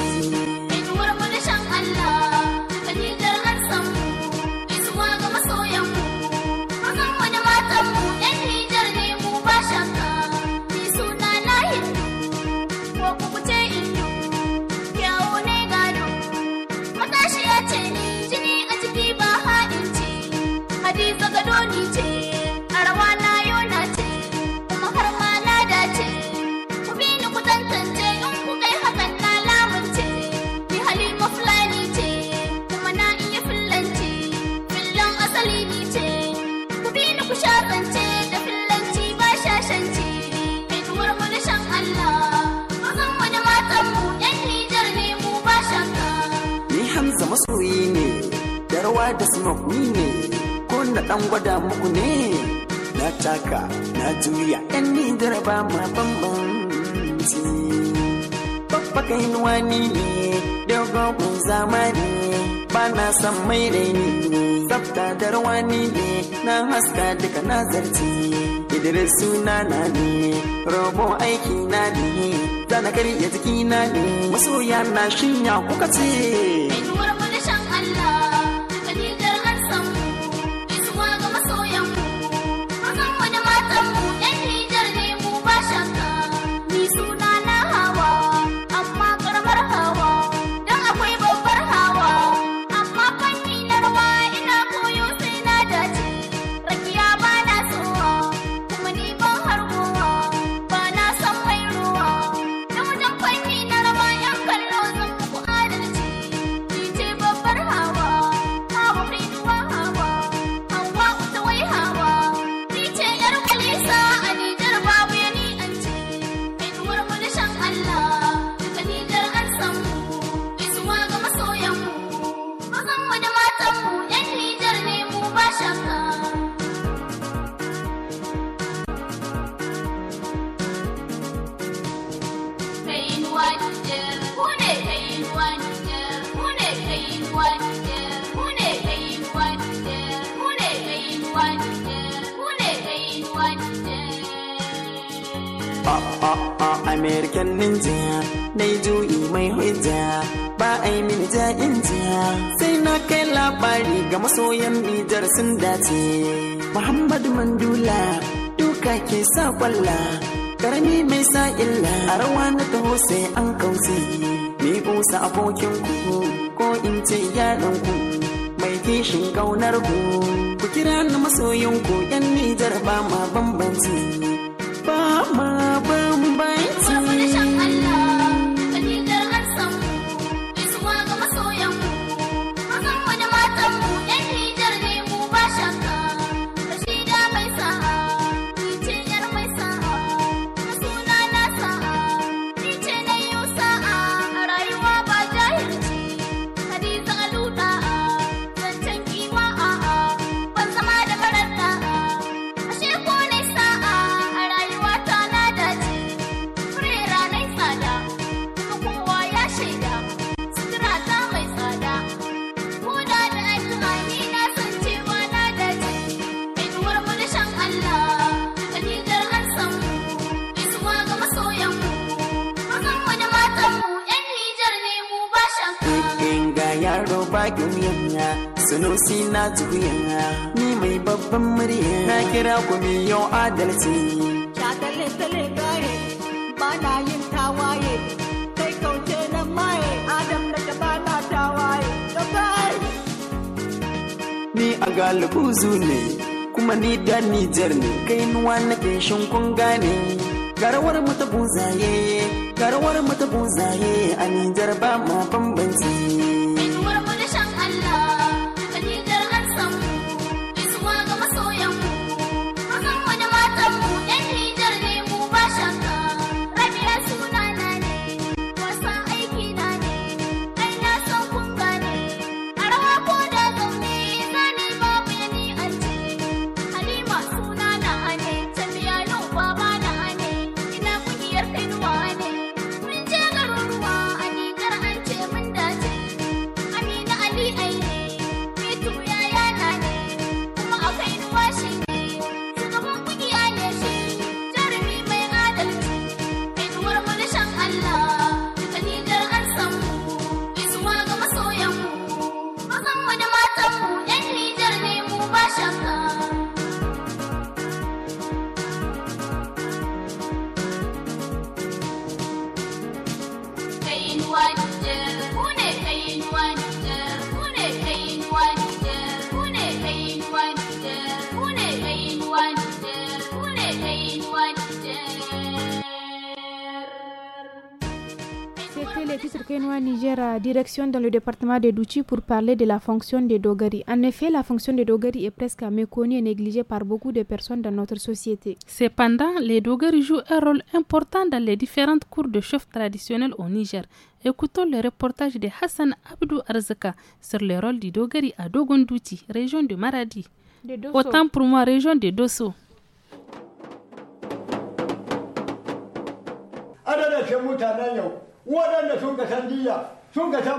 da smoke ni ne ko na ɗan gwada muku ne na taka na juya yan ni daraba ma bambanci babba kai wani ne dogon zamani ba na san mai raini tsafta da rawani ne na haska duka nazarci idris suna na ne robo aiki na ne zana karya jiki na ne masoya na shinya kuka ce mayar kyannin jiya na yi juyi mai hujja ba a yi min ja'in jiya sai na kai labari ga masoyan nijar sun dace muhammadu mandula duka ke sa kwalla karami mai sa illa a rawa na taho sai an kausi ni busa abokin ku ko in ce yaran ku mai kishin kaunar ku ku kira na masoyinku ku yan nijar ba ma bambanci sunusi na jigiya ni mai babban murya na kira ku mai yau adalci ya tale tale gare ba na yin tawaye kai kauce na maye adam ka ba na tawaye da kai ni a galibuzu ne kuma ni da Nijar ne kai nuwa na shin kun gane garawar mu ta buzaye garawar mu ta buzaye a Nijar ba ma bambanci direction dans le département de Douchi pour parler de la fonction des Dogari. En effet, la fonction des Dogari est presque méconnue et négligée par beaucoup de personnes dans notre société. Cependant, les Dogari jouent un rôle important dans les différentes cours de chef traditionnels au Niger. Écoutons le reportage de Hassan Abdou Arzaka sur le rôle des Dogari à Dogondouti, région de Maradi. Autant pour moi, région de Dosso.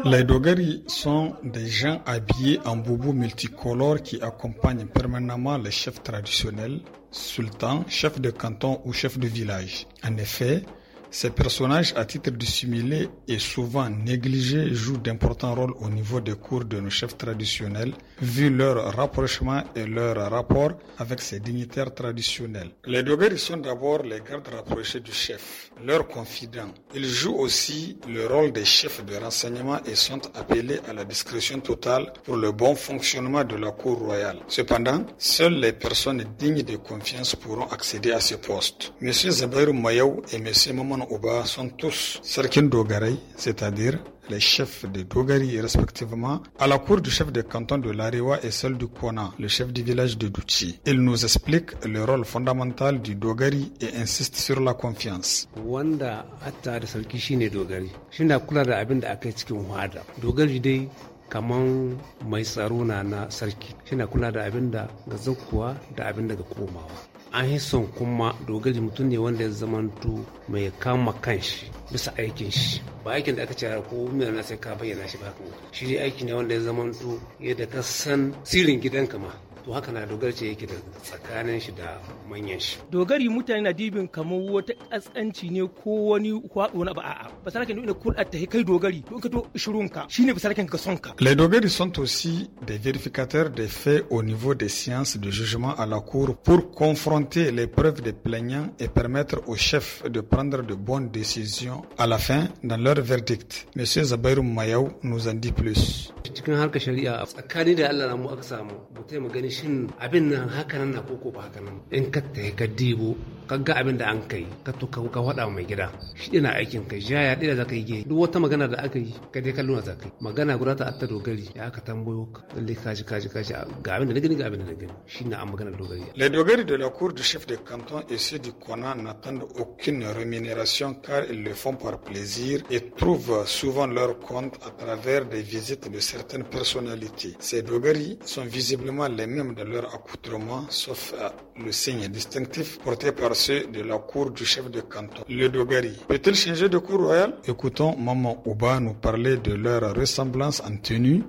Les Dogari sont des gens habillés en boubou multicolores qui accompagnent permanemment les chefs traditionnels, sultans, chefs de canton ou chefs de village. En effet, ces personnages, à titre dissimulé et souvent négligé, jouent d'importants rôles au niveau des cours de nos chefs traditionnels, vu leur rapprochement et leur rapport avec ces dignitaires traditionnels. Les Dogari sont d'abord les gardes rapprochés du chef, leurs confidents. Ils jouent aussi le rôle des chefs de renseignement et sont appelés à la discrétion totale pour le bon fonctionnement de la cour royale. Cependant, seules les personnes dignes de confiance pourront accéder à ce poste. Monsieur Mayou et Monsieur Uba sont tous Serkin Dogaray, c'est-à-dire les chefs de Dogari respectivement, à la cour du chef de canton de l'Ariwa et celle du Kona, le chef du village de Duchi. Il nous explique le rôle fondamental du Dogari et insiste sur la confiance. Wanda atta sarki shine Dogari, shine kula da abin da cikin hada. Dogari dai kaman mai tsaro na na sarki, shine kula da abin da ga zakkuwa da abin da ga komawa. an yi son kuma dogari mutum ne wanda ya zamanto mai kama kanshi bisa aikin shi ba aikin da aka ce ko miyar na sai ka bayyana shi ba shi ne aiki ne wanda ya zamanto yadda ka san sirrin gidanka ma to haka na dogarci yake da tsakanin shi da manyan shi dogari mutane na dibin kamar wata kaskanci ne ko wani kwaɗo na ba'a ba sarakin ne ko ta kai dogari to in ka to shirun shine ba sarakin ka sonka le dogari sont aussi des vérificateurs des faits au niveau des sciences de jugement à la cour pour confronter les preuves des plaignants et permettre aux chefs de prendre de bonnes décisions à la fin dans leur verdict monsieur Zabairu Mayau nous en dit plus cikin harkar shari'a tsakani da Allah na mu aka samu mu taimaka gani shin abin nan haka nan na koko ba haka nan in ka tafi ka dibo ka ga abin da an kai ka to ka faɗa mai gida shi ina aikin ka jaya ɗaya za ka yi duk wata magana da aka yi ka dai kallon za yi magana guda ta atta dogari ya aka tambayo ka lalle kaji kaji kaji ga abin da na gani ga abin da na gani shi na an magana dogari. le dogari de la cour du chef de canton et ceux du Conan n'attendent aucune rémunération car ils le font par plaisir et trouvent souvent leur compte à travers des visites de certaines personnalités. Ces dogari sont visiblement les mêmes de leur accoutrement, sauf le signe distinctif porté par ceux de la cour du chef de canton, le Dogari. Peut-il changer de cour royale Écoutons Maman Ouba nous parler de leur ressemblance en tenue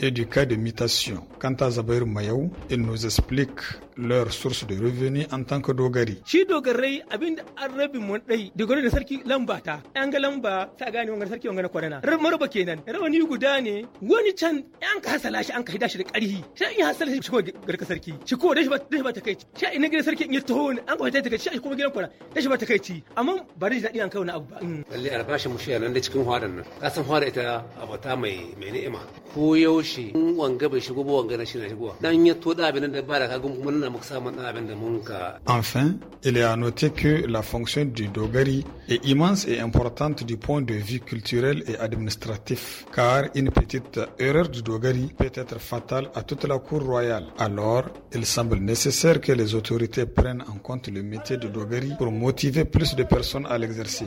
et du cas de mutation. Quant à Zabair Mayaou, il nous explique leur source de revenu en tant que dogari. Shi dogarai abinda an rabi mun dai dogari da sarki lamba ta. An ga lamba ta gane wanga sarki na kwarana. Maraba kenan. Rawani guda ne wani can an ka hasala shi an ka hida shi da karhi. Sai in hasala shi ko garka sarki. Shi ko dashi ba dashi ba takeici. Sai in gidan sarki in ya taho ne an ka hita takeici shi kuma gidan kwana. Dashi ba takeici. Amma ba da dadi an kai wani abu ba. Mm. Lalle albashin mu shi nan da cikin hwadan nan. Ka san hwara ita abata mai mai ni'ima. Ko yaushe wanga bai shigo ba wanga na shi na shigo. Dan ya to da abin da ba da kagun kuma Enfin, il est à noter que la fonction du Dogari est immense et importante du point de vue culturel et administratif, car une petite erreur du Dogari peut être fatale à toute la cour royale. Alors, il semble nécessaire que les autorités prennent en compte le métier de Dogari pour motiver plus de personnes à l'exercer.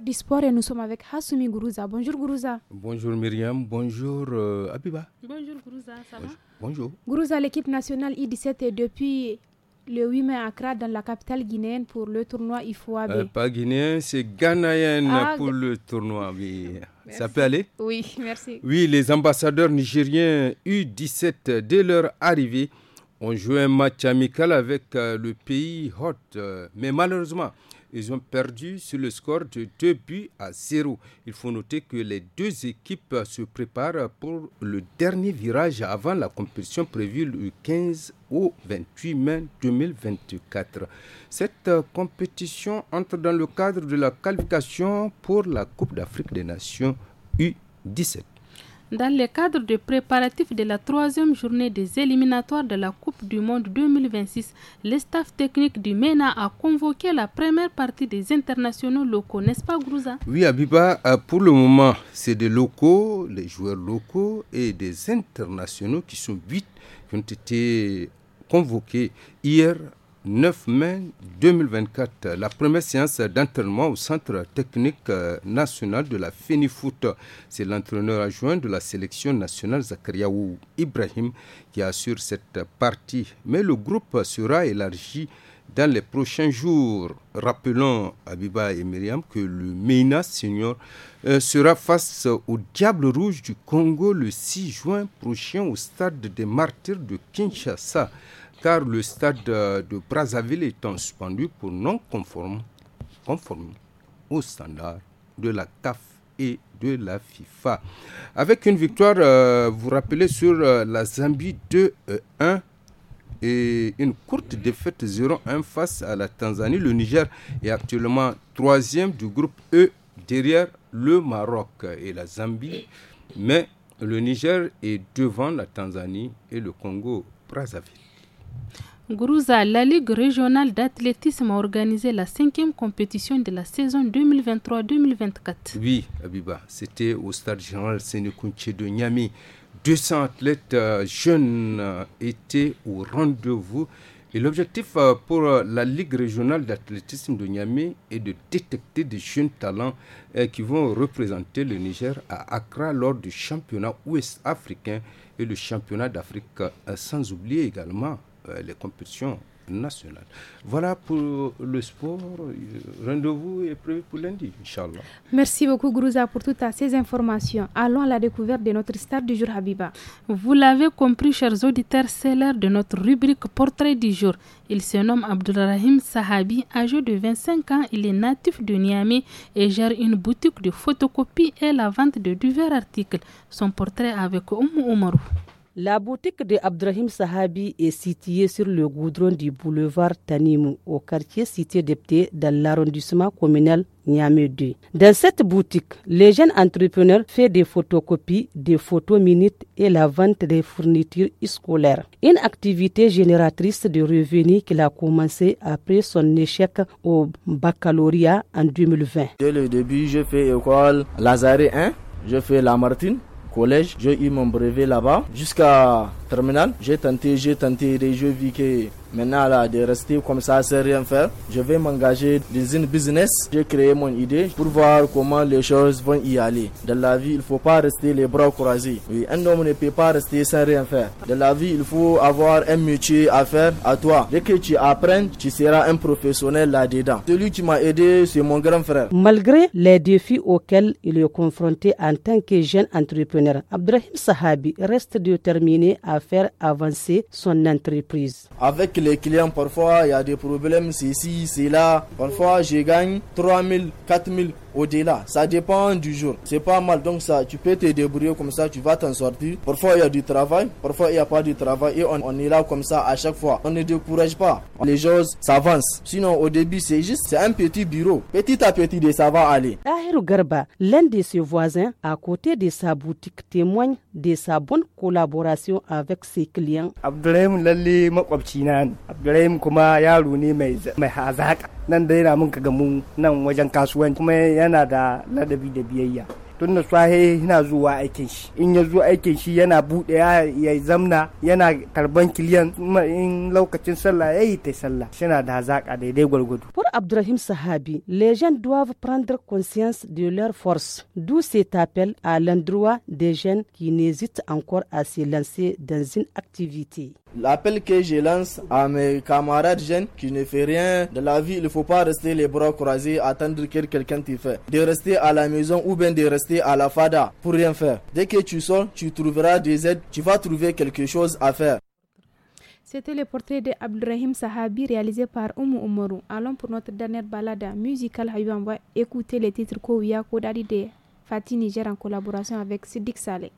du sport et nous sommes avec Hassoumi Gourouza. Bonjour Gourouza. Bonjour Myriam, bonjour euh, Abiba. Bonjour Gourouza, ça va Bonjour. Gourouza, l'équipe nationale I-17 est depuis le 8 mai à Accra dans la capitale guinéenne pour le tournoi IFOAB. Euh, pas guinéen, c'est ghanéen ah, pour le tournoi. Ça peut aller Oui, merci. Oui, les ambassadeurs nigériens U17, dès leur arrivée, ont joué un match amical avec euh, le pays hôte. mais malheureusement, ils ont perdu sur le score de 2 buts à 0. Il faut noter que les deux équipes se préparent pour le dernier virage avant la compétition prévue le 15 au 28 mai 2024. Cette compétition entre dans le cadre de la qualification pour la Coupe d'Afrique des Nations U17 dans le cadre des préparatifs de la troisième journée des éliminatoires de la Coupe du Monde 2026, le staff technique du MENA a convoqué la première partie des internationaux locaux, n'est-ce pas Grouza Oui, Abiba, euh, pour le moment, c'est des locaux, les joueurs locaux et des internationaux qui sont huit qui ont été convoqués hier 9 mai 2024, la première séance d'entraînement au Centre technique euh, national de la Foot. C'est l'entraîneur adjoint de la sélection nationale Zakariaou Ibrahim qui assure cette partie. Mais le groupe sera élargi dans les prochains jours. Rappelons à Biba et Myriam que le MENA senior euh, sera face au Diable Rouge du Congo le 6 juin prochain au stade des Martyrs de Kinshasa car le stade de Brazzaville étant suspendu pour non conforme, aux standards de la CAF et de la FIFA. Avec une victoire, euh, vous rappelez, sur euh, la Zambie 2-1 euh, et une courte défaite 0-1 face à la Tanzanie, le Niger est actuellement troisième du groupe E derrière le Maroc et la Zambie, mais le Niger est devant la Tanzanie et le Congo-Brazzaville. Gourouza, la Ligue régionale d'athlétisme a organisé la cinquième compétition de la saison 2023-2024. Oui, Abiba, c'était au stade général Sénécounché de Niamey. 200 athlètes euh, jeunes euh, étaient au rendez-vous et l'objectif euh, pour la Ligue régionale d'athlétisme de Niamey est de détecter des jeunes talents qui vont représenter le Niger à Accra lors du championnat ouest africain et le championnat d'Afrique, sans oublier également euh, les compétitions nationales Voilà pour le sport. Euh, rendez-vous est prévu pour lundi, Inch'Allah. Merci beaucoup, Grouza, pour toutes ces informations. Allons à la découverte de notre star du jour, Habiba. Vous l'avez compris, chers auditeurs, c'est l'heure de notre rubrique Portrait du jour. Il se nomme Abdulrahim Sahabi, âgé de 25 ans. Il est natif de Niamey et gère une boutique de photocopie et la vente de divers articles. Son portrait avec Oumou Oumarou. La boutique de Abdrahim Sahabi est située sur le goudron du boulevard Tanimou, au quartier cité d'Epté, dans l'arrondissement communal Niamey Dans cette boutique, les jeunes entrepreneurs fait des photocopies, des photos minutes et la vente des fournitures scolaires. Une activité génératrice de revenus qu'il a commencé après son échec au baccalauréat en 2020. Dès le début, je fais école Lazare 1, je fais Lamartine collège. J'ai eu mon brevet là-bas jusqu'à terminal. J'ai tenté, j'ai tenté, des jeux vis que maintenant là, de rester comme ça sans rien faire, je vais m'engager dans une business. J'ai créé mon idée pour voir comment les choses vont y aller. Dans la vie, il faut pas rester les bras croisés. Oui, un homme ne peut pas rester sans rien faire. Dans la vie, il faut avoir un métier à faire à toi. Dès que tu apprends, tu seras un professionnel là-dedans. Celui qui m'a aidé, c'est mon grand frère. Malgré les défis auxquels il est confronté en tant que jeune entrepreneur, Abdrahim Sahabi reste déterminé à faire avancer son entreprise. Avec les clients, parfois, il y a des problèmes, c'est ici, c'est là. Parfois, je gagne 3 000, 4 000 au-delà. Ça dépend du jour. C'est pas mal. Donc ça, tu peux te débrouiller comme ça, tu vas t'en sortir. Parfois il y a du travail, parfois il n'y a pas de travail et on, on, est là comme ça à chaque fois. On ne décourage pas. Les choses s'avancent. Sinon au début c'est juste, c'est un petit bureau. Petit à petit, ça va aller. Garba, l'un de ses voisins, à côté de sa boutique, témoigne de sa bonne collaboration avec ses clients. nan da yana ka gamu nan wajen kasuwanci kuma yana da ladabi da biyayya tun da swahe yana zuwa aikin shi in ya zo aikin shi yana buɗe ya zamna yana karban kiliyan in lokacin sallah ya yi ta sallah shina da zaka daidai gwargwado. Pour Abdurrahim Sahabi, les gens doivent prendre conscience de leur force, d'où cet appel à l'endroit des jeunes qui n'hésitent encore à se lancer dans une activité. L'appel que je lance à mes camarades jeunes qui ne font rien de la vie, il ne faut pas rester les bras croisés, attendre que quelqu'un te fait. De rester à la maison ou bien de rester à la fada pour rien faire. Dès que tu sors, tu trouveras des aides, tu vas trouver quelque chose à faire. C'était le portrait de Abdurrahim Sahabi réalisé par Oumu Oumarou. Allons pour notre dernière balade musicale. On va écouter les titres Kouya Kodali. de Fatih Niger en collaboration avec Siddiq Saleh.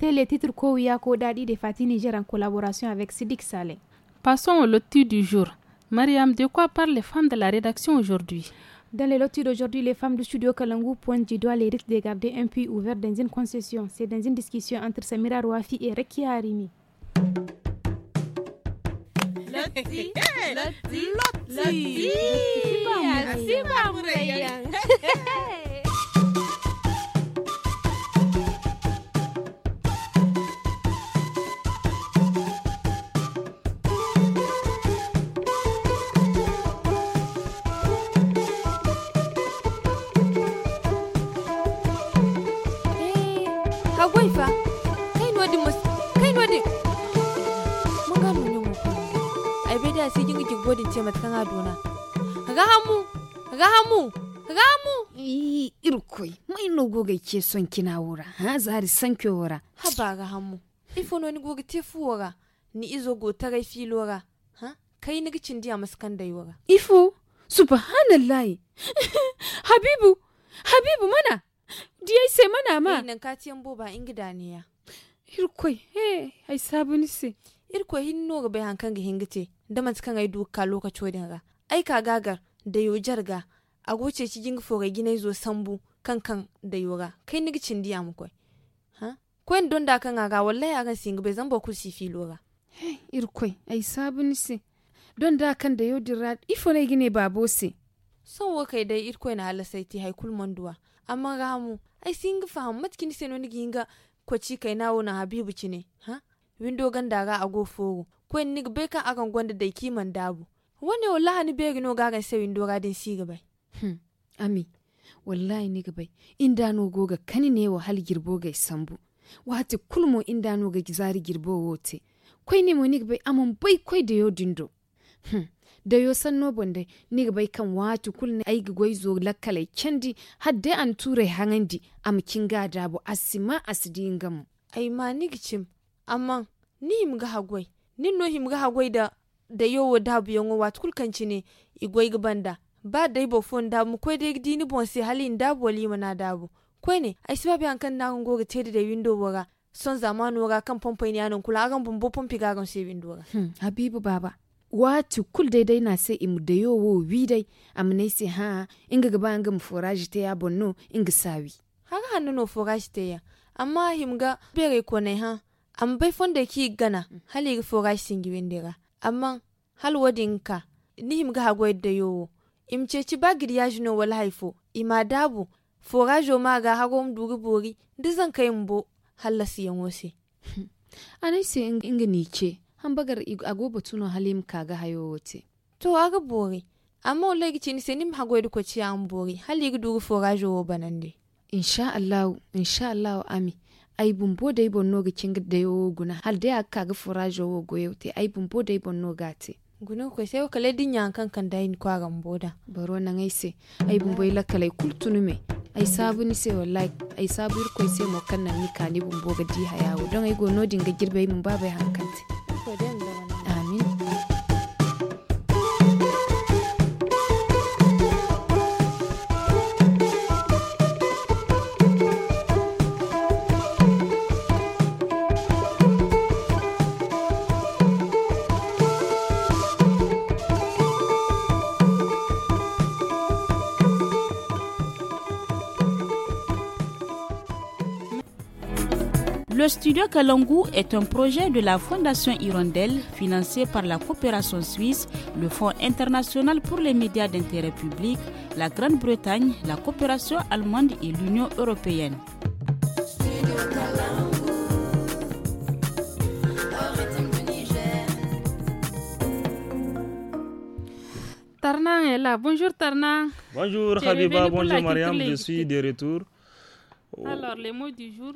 C'était le titre Kouya Kodadi de Fatih Niger en collaboration avec Sidik Saleh. Passons au lotus du jour. Mariam, de quoi parlent les femmes de la rédaction aujourd'hui dans les lotus d'aujourd'hui, les femmes du studio Kalangu pointent du doigt les risques de garder un puits ouvert dans une concession. C'est dans une discussion entre Samira Rouafi et Rekia Harimi. godin ce mata kan adona ga hamu ga hamu ga hamu irkoi mai no goga ke son kina wura ha zari san ke wura ba ga hamu no ni goga te fuwara ni izo go tarai filora ha kai ni gicin diya maskan dai wura ifo subhanallah. habibu habibu mana diyai sai mana ma nan katiyan boba ingida ne ya irkoi he ai sabuni sai. irko hinno ga bai hankan ga hingite da mata kan ai duka lokaci wadin ga ai ka gagar da yo jarga a goce ci jing foga ginai zo sambu kan kan da ga kai ni gicin diya mu koi ha koyin don da kan ga wallahi a ga singa bai zamba ku sifi filo ga hey irkoi ai sabun si don da kan da yo dirra ifo ne gine babo si son wo kai dai irkoi na halasaiti haikul manduwa amma ga mu ai singa mat kin no wani ginga ci kai nawo na habibu ne ha windo ganda ga ago fogo kwen ni bai kan akan gwanda da kiman dabu wani wallahi ni begi no gagan sai windo din si gabai hmm. ami wallahi ni gabai inda no goga kani ne wa hal girbo ga sambu wati kulmo inda no ga gizari girbo wote kwai ne mo ni gabai amon bai kwai da yo dindo hmm. da yo san no bonde ni gabai kan wati kul ne ai gigoi zo lakkalai kendi hadde an ture hangandi am kinga dabu asima asidin gamu ai ma ni gicim amma ni ga hagwai nin no ga hagwai da da yowo dabu yongo wat kulkanci ne igwai gbanda ba dai da dabu kwai dai dini bonse halin dabu boli mana dabu kwai ne ai sibabi an kan nagun goga tede da window wora son zamanu wora kan pompa ne anan kula agan bumbo pompi gagan sai window wora hmm, habibu baba watu kul dai-dai na sai imu da yowo wi dai amne sai ha inga gaba ga mu foraji ta ya bonno inga sawi haka hannu no foraji ta ya amma himga bere ko ne ha amma bai fonda ki gana hali ga fora shi singi wendera amma hal wadin ka nihim ga hago yadda yowo im ceci ba gidi ya jino wala haifo ima dabu fora jo ma ga hago m duri bori da zan kai mbo halla si yan wose anai se inga ni ce han bagar ago batuno halim ka ga hayo wote to aga bori amma wala gi ci ni se nim hago yadda ko ci an bori hali ga duri fora jo wo banande insha allah insha allah ami ay bumbo day bonno ga cinga o guna hal day akka ga furajo wo goyo te ay bumbo day bonno te guna ko sai kala din yankan kan dayin kwa boda baro nan ai se ay bumbo ila kala kultunu me ai sabu ni se wallahi ai sabu ko sai mo kan nan ni kani bumbo ga di hayawo don ai gono dinga girbe mun babai hankalte Le studio Kalangu est un projet de la Fondation Hirondelle financé par la coopération suisse, le Fonds international pour les médias d'intérêt public, la Grande-Bretagne, la coopération allemande et l'Union européenne. Tarna est là. Bonjour Tarna. Bonjour Habiba, bonjour Mariam, je suis de retour. Alors, les mots du jour.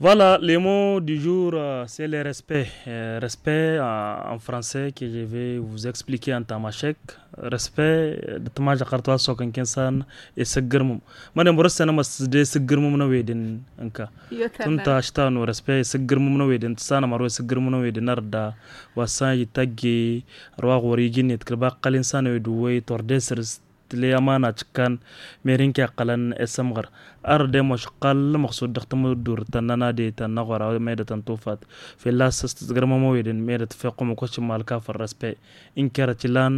Voilà, les mots du jour, euh, c'est le respect. Euh, respect euh, en français que je vais vous expliquer en tamashek. Respect, da tama jakarta so kan kinsan e sigirmum. Madan burasta na masu da sigirmum na wedin anka. Tun ta shita no respect sigirmum na wedin sana maro no na wedin narda wasan yi tagge ruwa et gine tkirba qalin sana wedu way tiliyamana cikan merinke qalan esamgar ar de mosh qal maqsud daqtamu dur tanana de tanna qora meeda tan tufat filas stgrama mo yeden meeda tfaqum ko chimal ka far raspe in kara cilan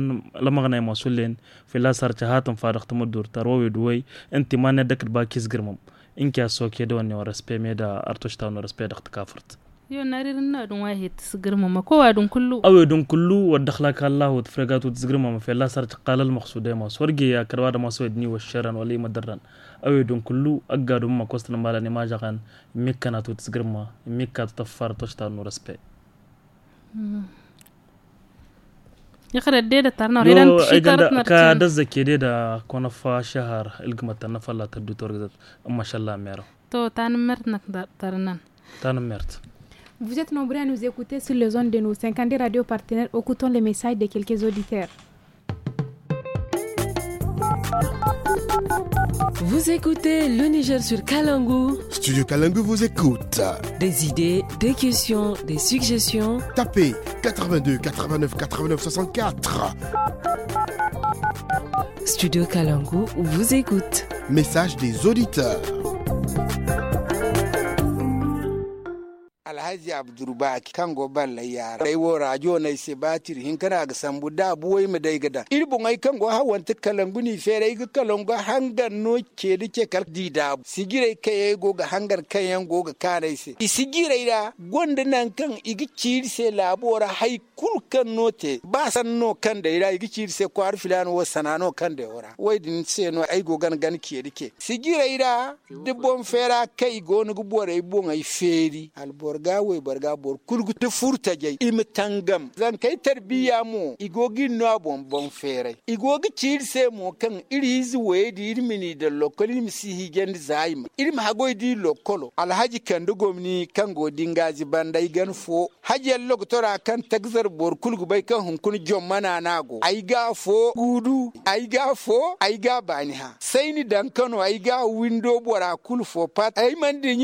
lamagna mo sulen filas ar chahatan fa daqtamu dur tarwi duway inti manne dakr ba kisgrmam in kya soke da wanne raspe meeda artoshta wanne raspe daqta kafart yo naririna ɗum wawi hetti sigirmama ko wa ɗum kullu awe ɗum kullu waddahlaka allah wat fregatu sigirmama fe la sarti qalal maksudema sorgeya karwada maso edni wa sharan wala ima darran awe ɗum kullu agga ɗum ma kostana mbalani maja kan mikkana to sigirma mikka to taffar toshta no respect يقرا ديدا ترنا ريدان شيكارتنا كا دزكي ديدا كون فا شهر القمت نفلا تبدو تورغزت ما شاء الله ميرو تو تان مرت نقدر ترنن تان مرت Vous êtes nombreux à nous écouter sur les zones de nos 50 radios partenaires. Écoutons les messages de quelques auditeurs. Vous écoutez le Niger sur Kalangu. Studio Kalangu vous écoute. Des idées, des questions, des suggestions. Tapez 82 89 89 64. Studio Kalangu vous écoute. Message des auditeurs. alhaji abdurbaki kan goban la yara dai wo rajo na se batir hin kana ga sambu da buwai mu dai gada irbu ngai kan go hawan ta kalanguni fere ga kalango hangar no ke dike kal di da sigire kai go ga hangar kan yan go ga kare se sigire da gonda nan kan igi ciri se labora hai kul kan te ba san no kan da ira igi ciri se kwar filan wo sanano kan da ora wai din se no ai go gan gan ke dike sigire da dibon fera kai go no go bore bon ngai feri albor gawe barga bor kurgutu furta jai tangam. zan kai tarbiya mo igogi no bon bon fere igogi cirse mo kan irizi wedi irmini da lokoli msi higen zaima irim hagoy di lokolo alhaji kandu gomni kan godi ngazi bandai gan fo haji loktora kan tagzar bor kulgu bai kan hunkun jommana nago ai ga fo gudu ai ga fo ai ga bani ha sai ni dan kano ai ga window bora kul fo pat ai man di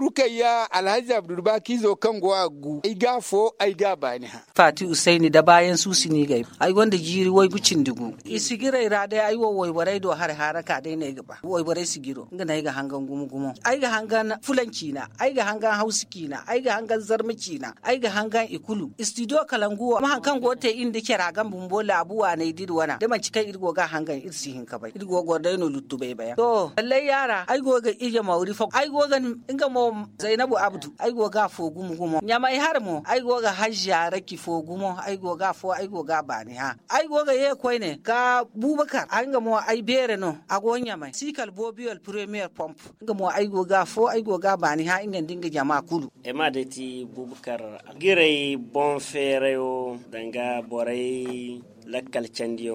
rukayya alhaji abdul zo kan gwa gu ai ga fo ai ga bani ha fati usaini da bayan su sini gai ai wanda jiri wai bucin dugu isigira ira dai ai wo wai warai do har haraka dai ne gaba wai warai sigiro ga nai ga hangan gumu gumu ai ga hangan fulanci na ai ga hangan hausiki na ai ga hangan zarmici na ai ga hangan ikulu istido kalangu ma hankan gote inda ke ragan bumbola abuwa ne didwana da man cikan irgo ga hangan irsi ka bai irgo gordai no luttu bai bai to lallai yara ai go ga ije mauri fa ai go ga inga mo zainabu abdu ai go ga ga fogumu gumo nyama i harmo ai go ga hajjara ki fogumo ai go ga fo ai go ga bani ha ai go ga ye ne ga bubakar an ga mo ai bere no ago nyama sikal biol premier pump ga mo ai go ga fo ai go ga bani ha inga dinga jama kulu e ma da ti bubakar gire bon fere yo danga borai lakkal ya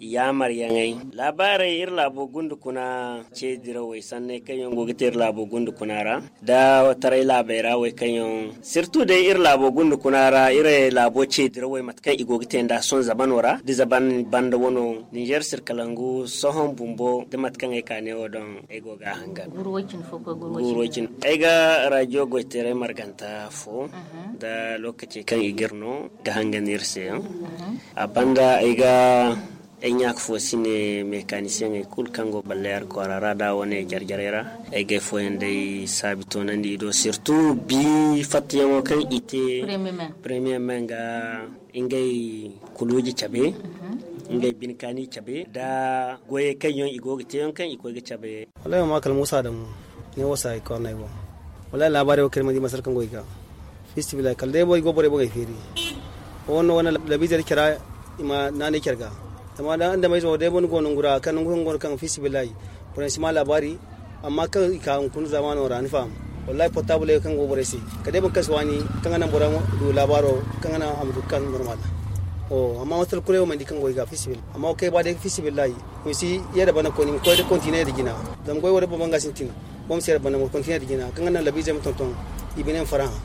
yamar yangai labarai ir labo gundu kuna ce dira wai sanne kanyon gogita ir labo gundu kunara da tarai labaira wai kanyon surtout dai ir labo gundu kunara ir labo ce dira wai matkan igogita nda son zaban wara di zaban banda wono niger sirkalangu sohon bumbo da matkan ai kane wadon ga hanga gurwokin foko gurwokin ai ga radio goitere marganta fo mhm. da lokaci kan igirno ga hanganirse mhm. a banda iga enyak sine mekanisien e kul kango ballear korarada wone jarjarera ege foyendey nandi do surtout bi fattiyango kan ite premier man ga ingay kuluji caɓe mhm. ngay bin kani caɓe da goye kanyo yon igoge teyon kan ikoge caɓe wallahi ma kal musa dam ne wasa ko nay bo wallahi labare o kelma di masar kango iga festival kal de boy go bore bo gay firi on wona labi jar kira ima na ne kyarga amma da anda mai zo da bon gonin gura kan gonin gon kan fisi billahi principal labari amma kan ka kun zamanin ran fam wallahi portable kan go boresi kade ban kaswani kan nan bora du labaro kan nan am dukkan normal o amma wasal kurewa mai dikan goyi ga fisi fisibil amma kai ba da fisi layi mun si ya da bana koni ko da continue da gina dan goyi wada babban gasin tin bom sai da bana continue da gina kan nan labi zai mutunton ibinin faraha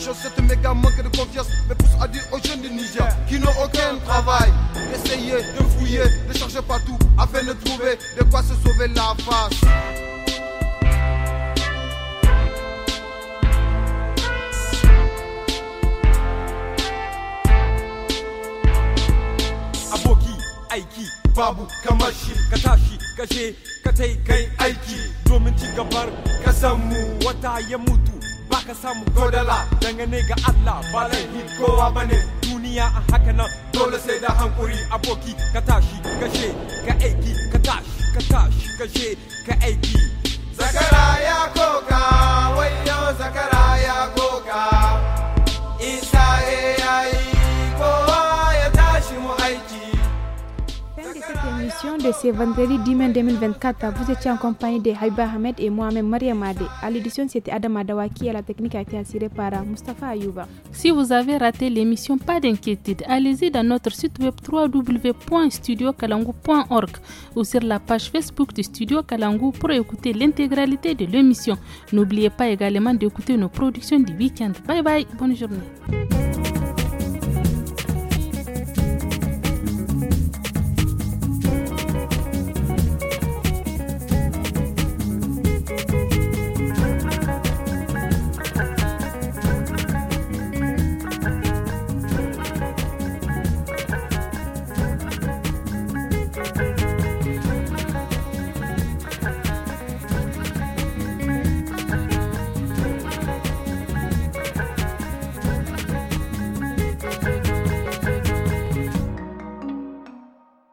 chose, cette méga manque de confiance me pousse à dire aux jeunes du Niger qui n'ont aucun travail d'essayer de fouiller, de chercher partout afin de trouver de quoi se sauver la face. Aboki, Aiki, Babu, Kamashi, Katashi, Kaje, Katei, Kai, Aiki, domin gabar Kazamu, wata Yamutu. ka samu ko dala dangane ga Allah ba laifi kowa bane duniya a haka nan dole sai da hankuri aboki ka tashi ka ka aiki ka tashi ka tashi ka ka aiki zakara ya koka wayo zakara ya koka de ce vendredi 10 mai 2024. Vous étiez en compagnie de Haïba Ahmed et Mohamed même Maria À l'édition, c'était Adam Dawaki et la technique a été assurée par Mustafa Ayouba. Si vous avez raté l'émission, pas d'inquiétude. Allez-y dans notre site web www.studiokalangu.org ou sur la page Facebook de Studio Kalangu pour écouter l'intégralité de l'émission. N'oubliez pas également d'écouter nos productions du week-end. Bye bye, bonne journée.